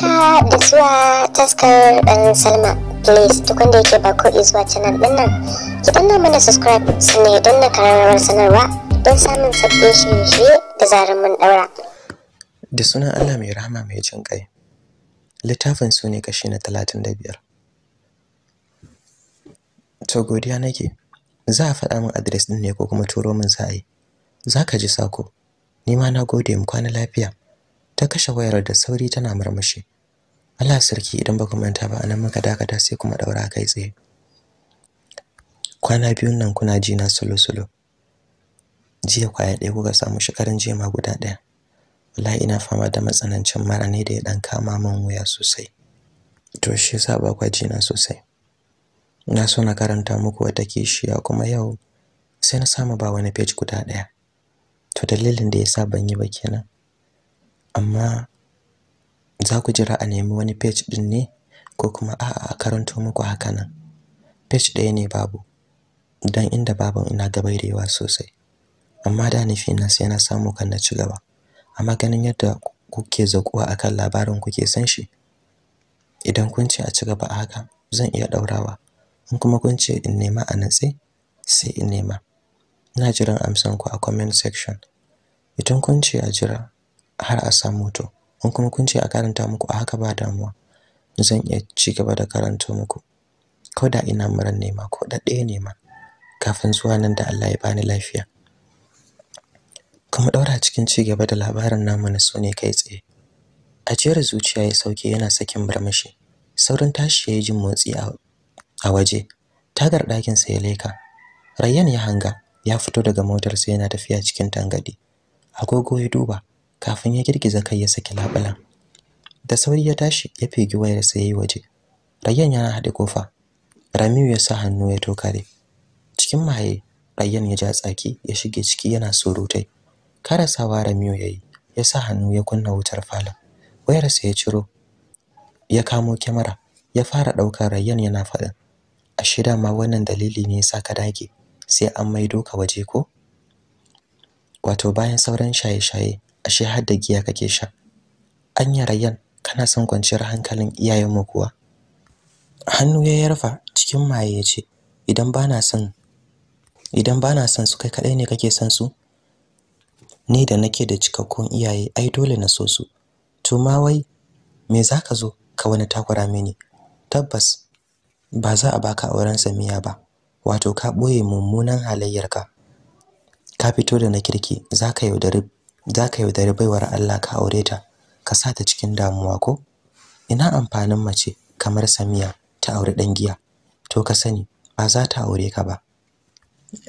haka da zuwa taskar dan salma please duk wanda yake ba ko zuwa canal din nan ki danna mana subscribe sannan ya danna karamar sanarwa don samun sabbin shirye-shirye da zarar mun daura da sunan allah mai rahama mai jin kai littafin su ne kashi na talatin da biyar to godiya nake za a faɗa min adres ɗin ne ko kuma turo min za a yi za ka ji sako ni ma na gode mu kwana lafiya ta kashe wayar da sauri tana murmushi Allah sarki idan ba manta ba anan muka dakata sai kuma daura kai tsaye kwana biyun nan kuna ji na solo solo jiya kwaya ɗaya kuka samu shikarin jiya ma guda ɗaya wallahi ina fama da matsanancin mara ne da ya dan kama min wuya sosai to shi yasa ba kwa ji na sosai na so na karanta muku wata kishiya kuma yau sai na samu ba wani page guda ɗaya to dalilin da yasa ban yi ba kenan amma za ku jira a nemi wani page ɗin ne ko kuma a'a a karanto muku haka nan page ɗaya ne babu dan inda babu ina gabairewa sosai amma da nufi na sai na samu kan na ci gaba amma ganin yadda kuke zakuwa akan labarin kuke san shi idan kun ce a ci gaba a haka zan iya ɗaurawa, in kuma kun ce in nema a natse sai in nema Ina jiran amsan ku a comment section idan kun ce a jira har a samu to in kuma kun ce a karanta muku a haka ba damuwa zan iya ci gaba da karanto muku ko da ina muran nema ko da ɗaya nema kafin zuwa nan da Allah ya bani lafiya kuma daura cikin ci gaba da labarin namu na sune kai tsaye A ajiyar zuciya ya sauke yana sakin barmashi saurin tashi ya yi jin motsi a waje tagar ɗakin sa ya leka rayyan ya hanga ya fito daga motarsa yana tafiya cikin tangadi agogo ya duba kafin ya girgiza kai ya saki labulan da sauri ya tashi ya fegi wayarsa yayi waje rayyan yana haɗe kofa ramiu ya sa hannu ya tokare cikin maye rayyan ya ja tsaki ya shige ciki yana surutai karasawa ramiu yayi ya sa hannu ya kunna wutar fala wayarsa ya ciro ya kamo kyamara ya fara ɗaukar rayyan yana faɗin a shida ma wannan dalili ne yasa ka dage sai an maido doka waje ko wato bayan sauran shaye-shaye ashe har da giya kake sha anya rayyan kana son kwanciyar hankalin iyayenmu kuwa hannu ya yarfa cikin maye ya ce idan bana son idan bana son su kai kadai ne kake son su ni da nake da cikakkun iyaye ai dole na so su to ma wai me zaka zo ka wani takura mini tabbas ba za a baka auren Samiya ba wato ka boye mummunan halayyarka ka fito da na kirki za ka yaudari za ka yaudari baiwar Allah ka aure ta ka sa ta cikin damuwa ko ina amfanin mace kamar Samiya ta aure dan giya to ka sani ba za ta aure ka ba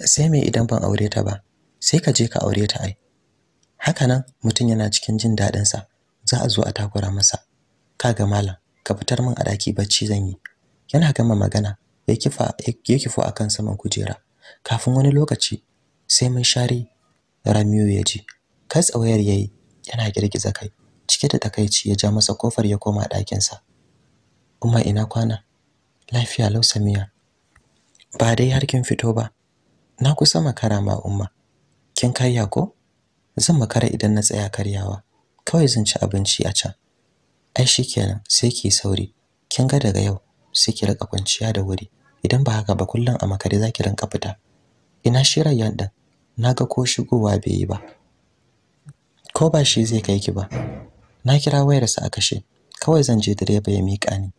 sai me idan ban aure ta ba sai ka je ka aure ta ai Haka nan, mutum yana cikin jin daɗin sa za a zo a takura masa kaga malam ka fitar min a daki bacci zan yi yana gama magana ya kifa ya kifo akan saman kujera kafin wani lokaci sai mun share Ramiyu ya ji katsa wayar yayi yana girgiza kai cike da takaici ya ja masa kofar ya koma ɗakinsa umma ina kwana lafiya lau samiya ba dai har kin fito ba na kusa makara ma umma kin karya ko zan makara idan na tsaya karyawa kawai zan ci abinci a can ai shikenan sai ki sauri kin ga daga yau sai ki rika kwanciya da wuri idan ba haka ba kullum a makare zaki rinka fita ina shirayyan Na ga ko shigowa bai yi ba ko ba shi zai kai ki ba na kira wayarsa a kashe kawai zan je direba ya mika ni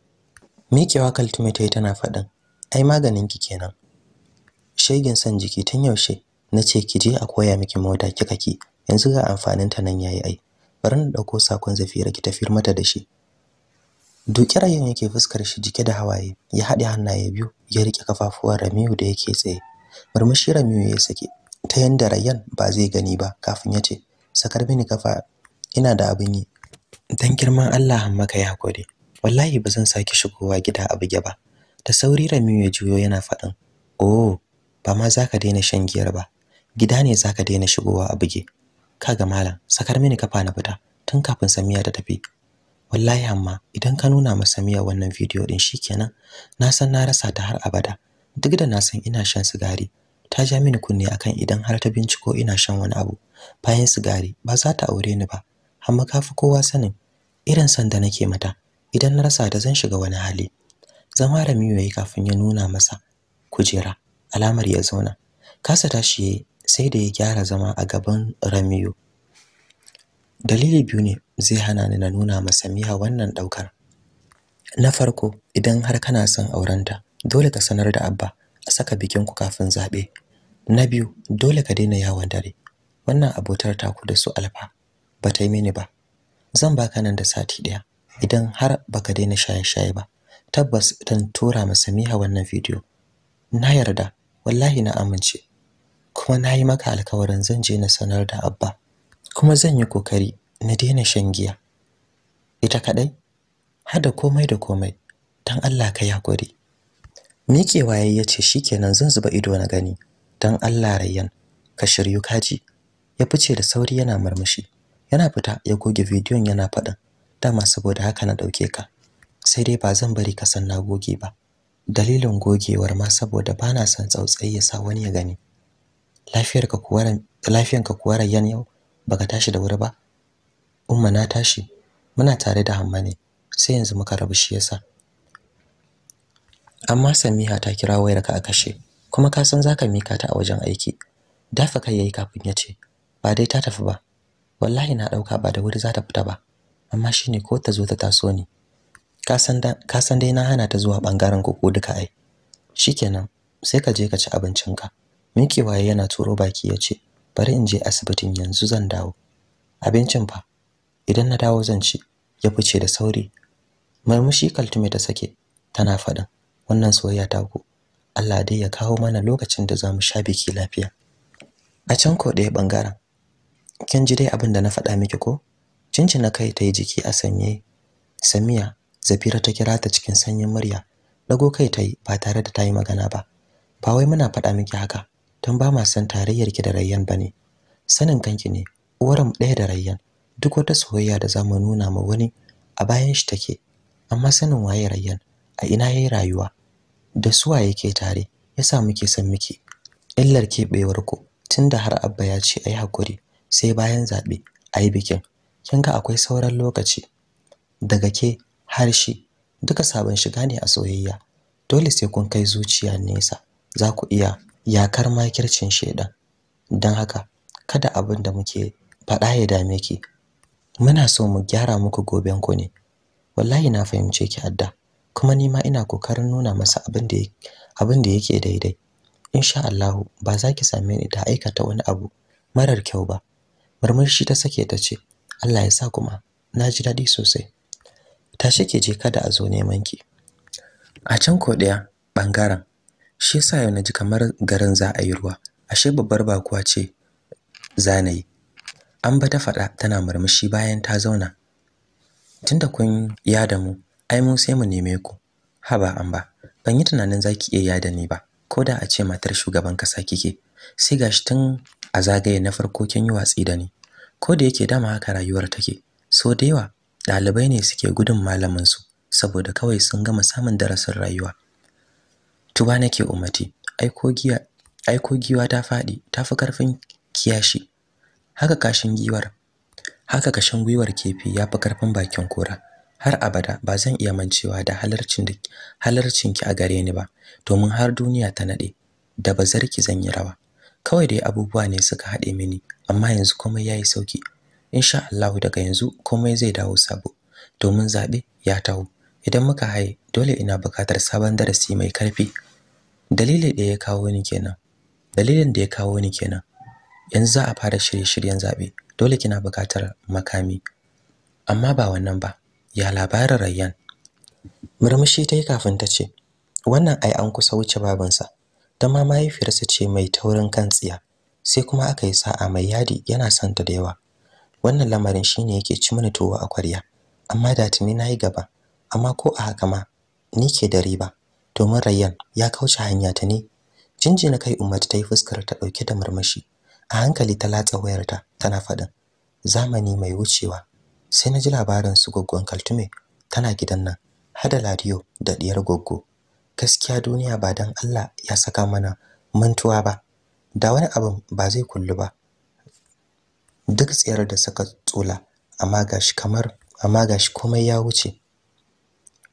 miƙewa kaltume ta yi tana faɗin ai maganin ki kenan shegin san jiki tun yaushe na ce ki je a koya miki mota kika ki yanzu ga amfanin ta nan yayi ai bari na ɗauko sakon zafira ki tafi mata da shi duki rayin yake fuskar shi jike da hawaye ya haɗe hannaye biyu ya rike kafafuwan ramiyu da yake tsaye murmushi ramiyu ya sake ta yanda rayan ba zai gani ba kafin ya ce sakar mini kafa ina da abin yi dan girman Allah amma kai hakuri wallahi ba zan sake shigowa gida a buge ba da sauri rami ya juyo yana faɗin oh ba ma zaka daina shan giyar ba gida ne zaka daina shigowa a buge kaga malam sakar mini kafa na fita tun kafin Samiya ta tafi wallahi amma idan ka nuna ma Samiya wannan bidiyo din shikenan na san na rasa ta har abada duk da na san ina shan sigari ta ja mini kunne akan idan har ta binciko ina shan wani abu bayan sigari ba za ta aure ni ba amma kafi kowa sanin irin san da nake mata idan na rasa da zan shiga wani hali zama Ramiyu yayi kafin ya nuna masa kujera alamar ya zauna kasa ta tashi sai da ya gyara zama a gaban ramiyo dalili biyu ne zai hana ni na nuna masa miya wannan daukar na farko idan har kana son aurenta dole ka sanar da abba a saka bikin ku kafin zabe na biyu dole ka daina yawon dare wannan abotar ta ku da su alfa ba ta yi mini ba zan baka nan da sati ɗaya, idan har baka daina shaye-shaye ba tabbas dan tura ma Samiha wannan bidiyo na yarda wallahi na amince kuma na yi maka alkawarin zan je na sanar da abba kuma zan yi kokari na daina shan giya ita kadai da komai da komai dan Allah ka yi miƙewa yayi yace shikenan zan zuba ido na gani dan Allah rayyan ka shiryu kaji ya fice da sauri yana murmushi yana fita ya goge bidiyon yana faɗin dama saboda haka na ɗauke ka sai dai ba zan bari ka san na goge ba dalilin gogewar ma saboda ba na son tsautsayi ya sa wani ya gani lafiyarka lafiyar ka kuwaran yan yau baka tashi da wuri ba umma na tashi muna tare da hamma ne sai yanzu muka rabu shi yasa amma samiha ta kira wayarka a kashe kuma ka san zaka mika ta a wajen aiki dafa kai yayi kafin ya ce ba dai ta tafi ba wallahi na dauka ba da wuri za ta fita ba amma shine ko ta zo ta taso ni ka san dai na hana ta zuwa bangaren koko duka ai shikenan sai ka je ka ci abincinka waye yana turo baki ya ce bari in je asibitin yanzu zan dawo abincin fa idan na dawo zan ci ya fice da sauri murmushi kaltume ta sake tana faɗin wannan soyayya ta ku Allah dai ya kawo mana lokacin da za mu sha biki lafiya a can ko ɗaya bangaren kin ji dai abin da na faɗa miki ko cincina kai ta yi jiki a sanye samiya zafira ta kira ta cikin sanyin murya dago kai ta yi ba tare da ta yi magana ba ba wai muna faɗa miki haka tun ba ma san tarayyar ki da rayyan ne. sanin kanki ne uwaram ɗaya da rayyan duk wata soyayya da za mu nuna ma wani a bayan shi take amma sanin waye rayyan a ina yayi rayuwa da suwa yake tare yasa muke san miki illar keɓewar ku tunda har abba ya ce ayi hakuri sai bayan zaɓe a yi bikin kin ga akwai sauran lokaci daga ke har shi duka sabon shiga ne a soyayya dole sai kun kai zuciya nesa za ku iya yakar makircin shaidan. don haka kada abin da muke faɗa ya dame ki muna so mu gyara muku goben ku ne wallahi na fahimce ki adda kuma ni ma ina kokarin nuna masa abin da yake daidai insha Allah ba za ki same ni ta aikata wani abu marar kyau ba murmushi ta sake ta ce Allah ya sa kuma na ji daɗi sosai tashi ke je kada a zo neman ki a can ko ɗaya ɓangaren shi yasa yau na ji kamar garin za a yi ruwa ashe babbar bakuwa ce zanayi an ba ta faɗa tana murmushi bayan ta zauna tunda kun yada mu ai mun sai mu neme ku haba an ba ban yi tunanin zaki iya yada ni ba ko da a ce matar shugaban kasa kike sai gashi tun a zagaye na farko kin yi watsi da ni ko da yake dama haka rayuwar take so da yawa ɗalibai ne suke gudun malamin su saboda kawai sun gama samun darasin rayuwa tuba nake umati aiko giya aiko giwa ta faɗi ta fi karfin kiyashi haka kashin giwar haka kashin gwiwar kefi ya fi karfin bakin kora har abada ba zan iya mancewa da halarcin da halarcin ki a gare ni ba domin har duniya ta nade da bazarki zan yi rawa kawai dai abubuwa ne suka haɗe mini amma yanzu komai yayi sauki insha Allah daga yanzu komai zai dawo sabo domin zabe ya tawo idan muka haye dole ina buƙatar sabon darasi mai karfi dalilin da ya kawo ni kenan dalilin da ya kawo ni kenan yanzu za a fara shirye-shiryen zabe dole kina buƙatar makami amma ba wannan ba ya labarin Rayyan murmushi ta yi kafin ta ce wannan ai an kusa wuce babansa ta ma mahaifiyarsa ce mai taurin kan tsiya sai kuma aka yi sa'a mai yadi yana son ta da yawa wannan lamarin shine yake ci mini tuwo a kwarya amma da tuni yi gaba amma ko a haka ma ni ke da riba domin Rayyan ya kauce hanya ta ne jinjina kai Umar ta yi fuskar ta ɗauke da murmushi a hankali ta latsa wayarta tana faɗin zamani mai wucewa sai na ji labarin su goggon kaltume tana gidan nan hada ladiyo da diyar goggo gaskiya duniya ba dan Allah ya saka mana mantuwa ba da wani abin ba zai kullu ba duk tsayar da suka tsula amma gashi kamar amma gashi komai ya wuce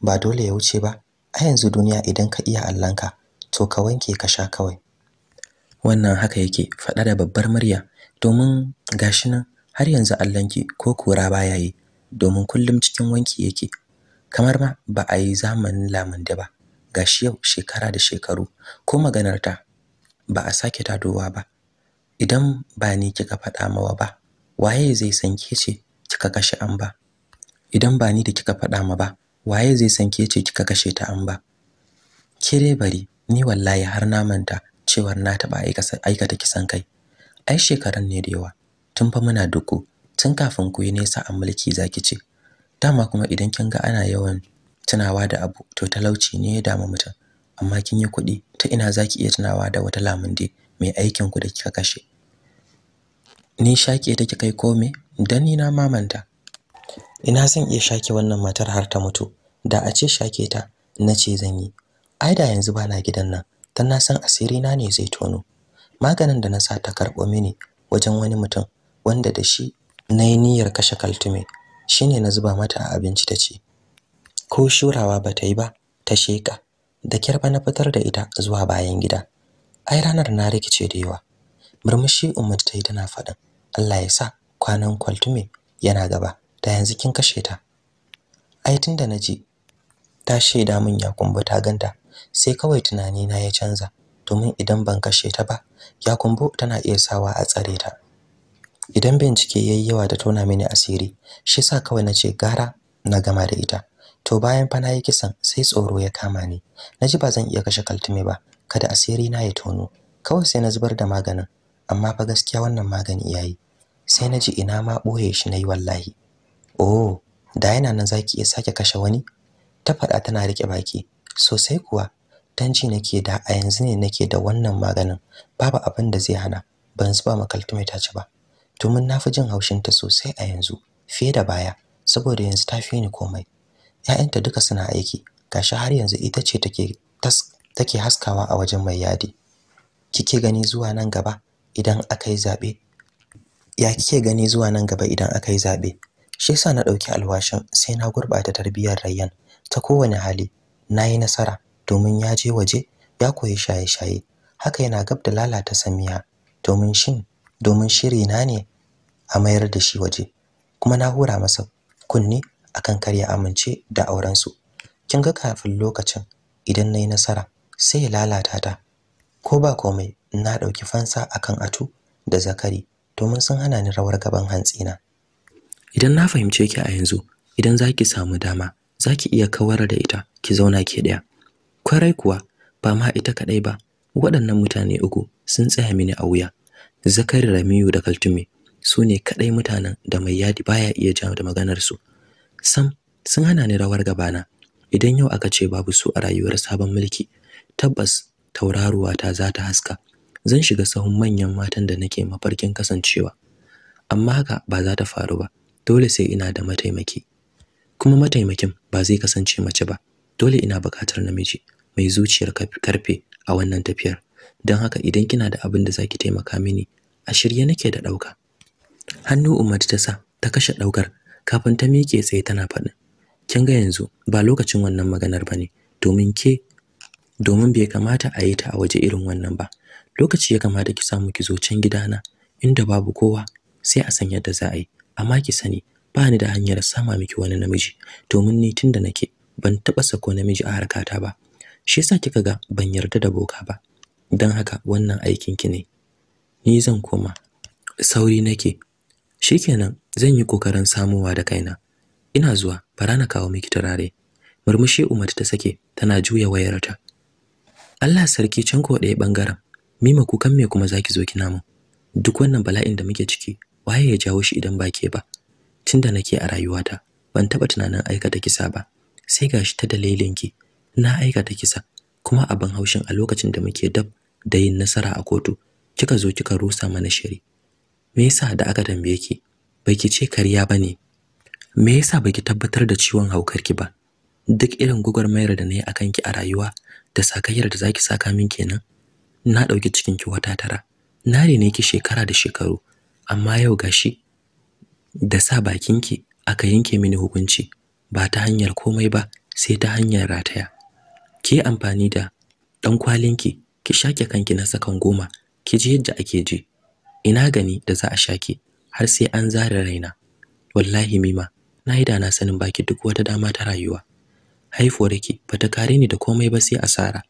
ba dole ya wuce ba a yanzu duniya idan ka iya ka, to ka wanke ka sha kawai wannan haka yake faɗa da babbar murya domin gashi nan har yanzu ki ko kura baya yi domin kullum cikin wanki yake kamar ma ba a yi zamanin lamande ba gashi yau shekara da shekaru ko maganar ta ba a sake tadowa ba idan ba ni kika faɗa mawa ba waye zai san ke ce kika kashe an ba idan ba ni da kika faɗa ma ba waye zai san ke ce kika kashe ta an ba kire bari ni wallahi har na manta cewar na taɓa aikata kisan kai ai shekaran ne da yawa tun fa muna duku tun kafin ku yi nesa a mulki zaki ce dama kuma idan kin ga ana yawan tunawa da abu to talauci ne ya dama mutum amma kin yi kuɗi ta ina za ki iya tunawa da wata lamunde mai aikin ku da kika kashe ni ta ki kai kome dan ni na mamanta ina zan iya shaƙe wannan matar har ta mutu da a ce shake ta na ce zan yi ai da yanzu bana gidan nan dan na san asiri na ne zai tono maganin da na sa ta karɓo mini wajen wani mutum wanda da shi na yi niyyar kashe kaltume shine na zuba mata a abinci ta ce ko shurawa ba ta yi ba ta sheka da kyar na fitar da ita zuwa bayan gida ai ranar na rikice da yawa murmushi umar ta yi tana faɗin Allah ya sa kwanan kwaltume yana gaba da yanzu kin kashe ta ai na ji. ta shaida min ya kumbu ta ganta sai kawai tunani na ya canza domin idan ban kashe ta ba ya kumbu tana iya sawa a tsare ta idan bincike yayi yawa da tona mini asiri shi sa kawai nace gara na gama da ita to bayan fa nayi kisan sai tsoro ya kama ni naji ba zan iya kashe kaltume ba kada asiri na ya tono kawai sai na zubar da maganin amma fa gaskiya wannan magani yayi sai naji ina ma boye shi nayi wallahi oh da yana nan zaki iya sake kashe wani ta faɗa tana rike baki sosai kuwa tanji nake da a yanzu ne nake da wannan maganin babu abin da zai hana ban zuba ma kaltume ta ci ba to mun nafi jin haushin ta sosai a yanzu fiye da baya saboda yanzu ta fi ni komai 'ya'yanta duka suna aiki gashi har yanzu ita ce take haskawa a wajen mai yadi kike gani zuwa nan gaba idan aka zabe ya kike gani zuwa nan gaba idan aka yi zaɓe? shi yasa na ɗauki alwashin sai na gurbata tarbiyyar Rayyan ta kowane hali nayi nasara domin ya je waje ya koyi shaye-shaye haka yana gab da lalata samiya domin shin domin shiri na ne a mayar da shi waje kuma na hura masa kunne akan kar ya amince da aurensu. kin ga kafin lokacin idan nayi nasara sai ya lalata ta ko ba komai na dauki fansa akan atu da zakari domin sun hana ni rawar gaban hantsina idan na fahimce ki a yanzu idan zaki samu dama zaki iya kawar da ita ki zauna ke daya kwarai kuwa ba ma ita kadai ba waɗannan mutane uku sun tsaya mini a wuya zakari ramiyu da kaltume su ne kadai mutanen da mai yadi baya iya ja da maganar su sam sun hana ni rawar gabana idan yau aka ce babu su a rayuwar sabon mulki tabbas tauraruwata za ta haska zan shiga sahun manyan matan da nake mafarkin kasancewa amma haka ba za ta faru ba dole sai ina da mataimaki kuma mataimakin ba zai kasance mace ba dole ina bukatar namiji mai zuciyar karfe a wannan tafiyar don haka idan kina da abin da za ki taimaka mini a shirye nake da ɗauka hannu umar ta sa ta kashe ɗaukar kafin ta miƙe tsaye tana faɗin kin ga yanzu ba lokacin wannan maganar bane domin ke domin bai kamata a yi ta a waje irin wannan ba lokaci ya kamata ki samu ki zo can gidana inda babu kowa sai a san yadda za a yi amma ki sani ba ni da hanyar sama miki wani namiji domin ni tunda nake ban taɓa sako namiji a harkata ba shi yasa kika ga ban yarda da boka ba don haka wannan aikin ki ne ni zan koma sauri nake Shi Shikenan, zan yi kokarin samowa da kaina. Ina zuwa, bara na kawo miki turare. Murmushi Umar ta sake, tana juya wayarta. Allah sarki can ko ɗaya bangaren. Mima kukan me kuma zaki zo kina mu? Duk wannan bala'in da muke ciki, waye ya jawo shi idan ba ke ba? Tunda nake a rayuwata, ban taɓa tunanin aikata kisa ba. Sai gashi ta dalilin ki na aikata kisa. Kuma abin haushin a lokacin da muke dab da yin nasara a kotu, kika zo kika rusa mana shiri. me yasa da aka tambaye ki baki ce kariya bane me yasa baki tabbatar da ciwon haukar ki ba duk irin gugurmayar da nayi akan ki a rayuwa da sakayyar da zaki saka min kenan na dauki cikin ki wata tara na rene ki shekara da shekaru amma yau gashi da sa bakin ki aka yanke mini hukunci ba ta hanyar komai ba sai ta hanyar rataya ki amfani da dan kwalinki ki shake kanki na sakan goma ki ji yadda ake ji ina gani da za a shake har sai an zare raina wallahi mima na yi da na sanin baki duk wata dama ta rayuwa haifuwar ki bata kare ni da komai ba sai asara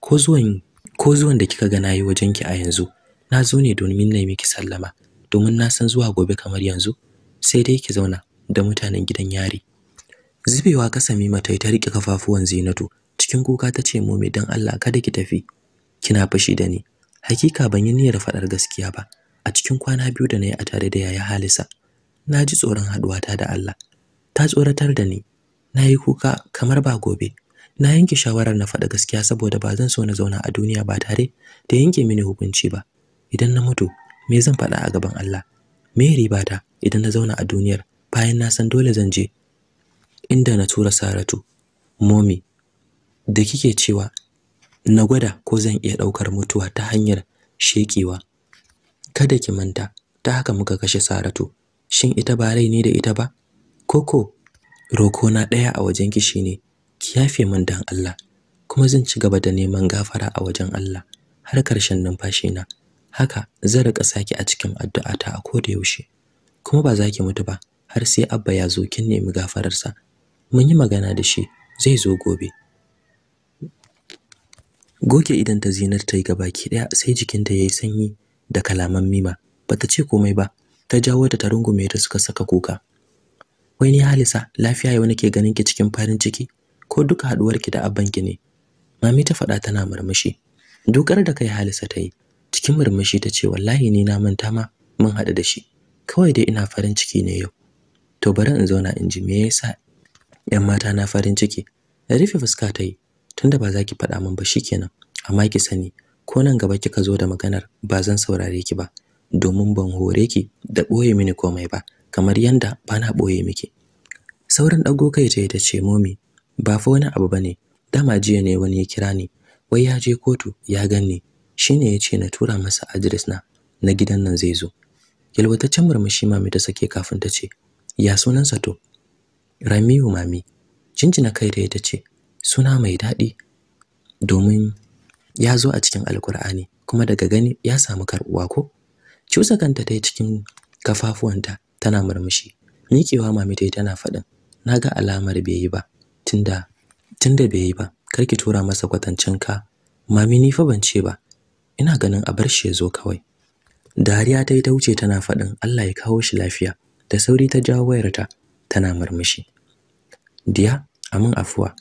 ko zuwan ko zuwan da kika ga nayi wajen ki a yanzu na zo ne domin na yi miki sallama domin na san zuwa gobe kamar yanzu sai dai ki zauna da mutanen gidan yari zubewa kasa mima ta yi ta rike kafafuwan zinatu cikin kuka ta ce momi don allah kada ki tafi kina fashi da ni hakika ban yi niyyar faɗar gaskiya ba a cikin kwana biyu da na yi a tare da yaya Halisa na ji tsoron haɗuwata da Allah ta tsoratar da ni na yi kuka kamar ba gobe na yanke shawarar na faɗa gaskiya saboda ba zan so na zauna a duniya ba tare da yanke mini hukunci ba idan na mutu me zan faɗa a gaban Allah me ta, idan na zauna a duniyar bayan na san dole zan je inda na tura Saratu momi da kike cewa na gwada ko zan iya ɗaukar mutuwa ta hanyar shekewa kada ki manta ta haka muka kashe Saratu shin ita ba rai ne da ita ba koko roko na daya a wajen ki shine ki yafe min dan Allah kuma zan ci gaba da neman gafara a wajen Allah har karshen numfashi na haka zan rika saki a cikin addu'ata a koda yaushe kuma ba za ki mutu ba har sai abba ya zo kin nemi gafararsa mun yi magana da shi zai zo gobe goge idan ta zinar ta yi ki daya sai jikinta yayi sanyi da kalaman Mima. Bata ce komai ba, ta jawo ta ta rungume da suka saka kuka. Wai ni Halisa, lafiya yau nake ganin ki cikin farin ciki ko duka haduwar ki da abban ki ne? Mami ta faɗa tana murmushi. Dukar da kai Halisa ta yi, cikin murmushi ta ce wallahi ni na manta ma mun haɗu da shi. Kawai dai ina farin ciki ne yau. To bari in zauna in ji me yasa ƴan mata na farin ciki. Rufe fuska ta yi, tunda ba za ki faɗa min ba shikenan. Amma ki sani ko nan gaba kika zo da maganar ba zan saurare ki ba domin ban hore ki da ɓoye mini komai ba kamar yanda ba na ɓoye miki sauran ɗago kai ta ta ce momi ba fa wani abu bane dama jiya ne wani ya kira ni wai ya je kotu ya ganni shine ya ce na tura masa adres na na gidan nan zai zo yalwataccen murmushi mami ta sake kafin ta ce ya sunansa to ramiyu mami jinjina kai da ita ce suna mai daɗi domin ya zo a cikin alkur'ani kuma daga gani ya samu karbuwa ko cusa kanta ta cikin kafafuwanta tana murmushi miƙewa mami yi tana faɗin Na ga alamar bai yi ba tunda bai yi ba kar ki tura masa kwatancin ka mami ni fa ban ce ba ina ganin a bar shi ya zo kawai dariya ta yi ta wuce tana faɗin Allah ya kawo shi lafiya da sauri ta jawo wayarta tana murmushi diya amin afuwa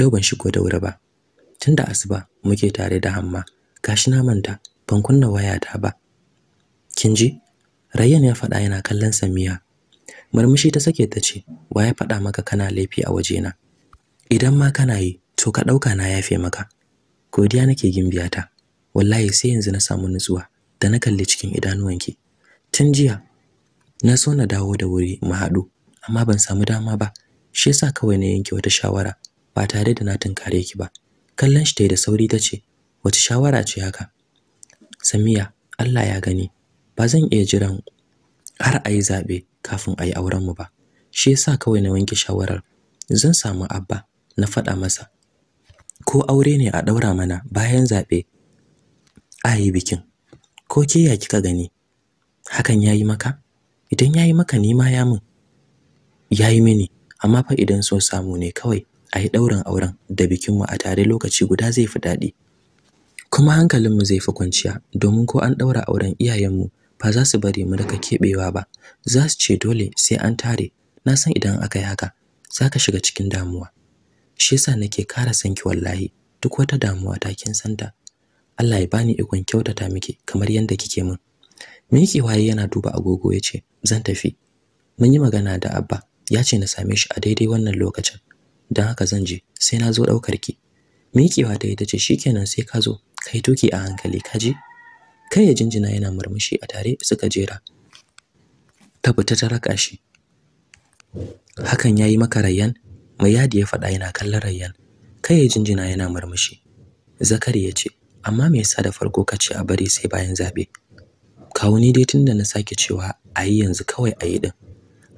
yau ban shigo da wuri ba tun da asuba muke tare da hamma gashi na manta ban kunna wayata ba kin ji rayyan ya faɗa yana kallon samiya murmushi ta sake ta ce wa ya faɗa maka kana laifi a waje na? idan ma kana yi to ka ɗauka na yafe maka godiya nake ta. wallahi sai yanzu na samu nutsuwa da na kalli cikin idanuwanki tun jiya na so na dawo da wuri mu haɗu amma ban samu dama ba shi yasa kawai na yanke wata shawara ba tare da na tunkare ki ba kallon shi ta yi da sauri ta ce wace shawara ce haka samiya allah ya gani ba zan iya jiran har a yi zaɓe kafin a yi aurenmu ba shi yasa kawai na wanke shawarar zan samu abba na faɗa masa ko aure ne a ɗaura mana bayan zaɓe a yi bikin ko ke ya kika gani hakan ya yi maka idan ya yi maka nima ya min ya yi mini amma fa idan so samu ne kawai a yi ɗaurin auren da bikinmu a tare lokaci guda zai fi daɗi kuma hankalinmu zai fi kwanciya domin ko an ɗaura auren iyayenmu ba za su bari mu daga keɓewa ba za su ce dole sai an tare na san idan aka yi haka za ka shiga cikin damuwa shi yasa nake kara ki wallahi duk wata damuwa ta kin santa Allah ya bani ikon kyautata miki kamar yadda kike min Miki waye yana duba agogo ya ce, zan tafi mun yi magana da Abba ya ce na same shi a daidai wannan lokacin don haka zan je sai na zo ɗaukar ki miƙewa ta ita ce shikenan sai ka zo kai tuki a hankali ka ji kai ya jinjina yana murmushi a tare suka jera ta fita ta raka shi hakan ya yi maka rayyan mai yadi ya faɗa yana kallon rayyan kai ya jinjina yana murmushi zakari ya ce amma me yasa da farko ka ce a bari sai bayan zaɓe kawo ni dai tunda na sake cewa a yi yanzu kawai a yi ɗin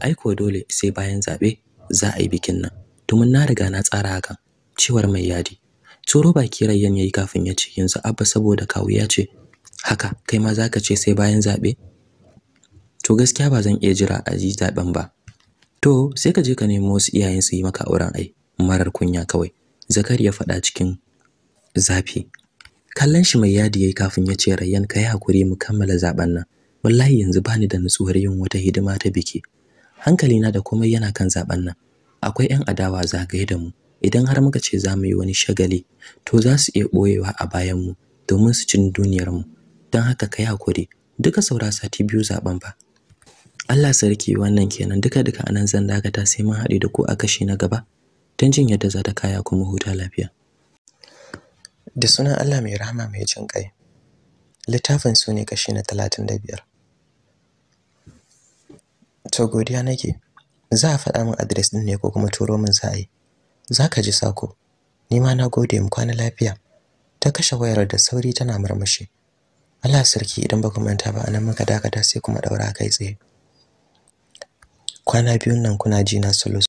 Aiko dole sai bayan zaɓe za a yi bikin nan domin na riga na tsara haka cewar mai yadi tsoro baki rayyan yayi kafin ya ce yanzu abba saboda kawu ya ce haka kai ma zaka ce sai bayan zabe to gaskiya ba zan iya jira a ji zaben ba to sai ka je ka nemo wasu iyayen su yi maka auren ai marar kunya kawai zakar ya faɗa cikin zafi kallon shi mai yadi yayi kafin ya ce rayyan kai hakuri mu kammala zaben nan wallahi yanzu bani da nutsuwar yin wata hidima ta biki hankalina da komai yana kan zaben nan akwai 'yan adawa zagaye da mu idan har muka ce za mu yi wani shagali to za su iya ɓoyewa a bayan mu domin su cin duniyar mu don haka kai hakuri duka saura sati biyu zaben fa Allah sarki wannan kenan duka duka anan zan dakata sai mun haɗe da ku a kashi na gaba don jin yadda za ta kaya kuma huta lafiya da sunan Allah mai rahama mai jin kai littafin su ne kashi na talatin da biyar. to godiya nake za a faɗa min adres ɗin ne ko kuma turo min za a yi za ka ji sako ni ma na gode mu kwana lafiya ta kashe wayar da sauri tana murmushi Allah sarki idan ba ku manta ba anan muka dakata sai kuma daura kai tsaye kwana biyun nan kuna ji na solo